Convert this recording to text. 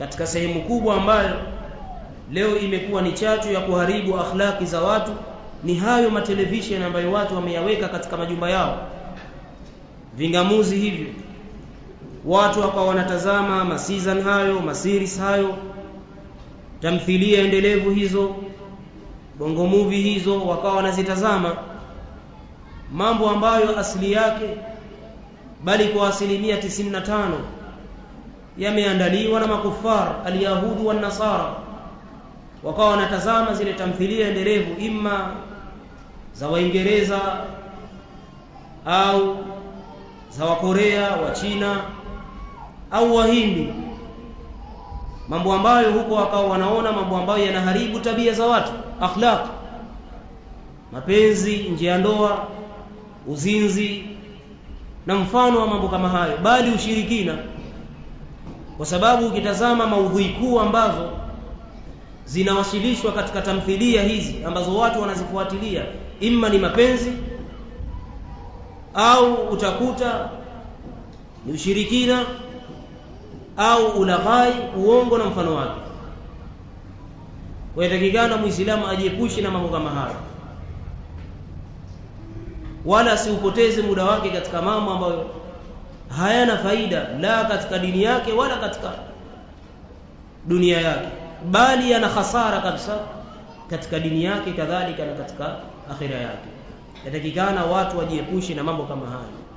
katika sehemu kubwa ambayo leo imekuwa ni chachu ya kuharibu akhlaki za watu ni hayo matelevishen ambayo watu wameyaweka katika majumba yao, vingamuzi hivyo, watu hapa wanatazama masizan hayo, masiris hayo, tamthilia endelevu hizo, bongo movie hizo, wakawa wanazitazama mambo ambayo asili yake bali kwa asilimia 95 yameandaliwa na makufar alyahudu wanasara wakawa wanatazama zile tamthilia endelevu, imma za Waingereza au za Wakorea, Wachina au Wahindi, mambo ambayo huko wakawa wanaona mambo ambayo yanaharibu tabia za watu, akhlaq, mapenzi nje ya ndoa, uzinzi na mfano wa mambo kama hayo, bali ushirikina kwa sababu ukitazama maudhui kuu ambazo zinawasilishwa katika tamthilia hizi ambazo watu wanazifuatilia, imma ni mapenzi au utakuta ni ushirikina au ulaghai, uongo na mfano wake. Watakikana Muislamu ajiepushe na mambo kama hayo, wala asiupoteze muda wake katika mambo ambayo hayana faida la katika dini yake wala katika dunia yake bali yana hasara kabisa katika dini yake kadhalika na katika akhira yake yatakikana watu wajiepushe na mambo kama haya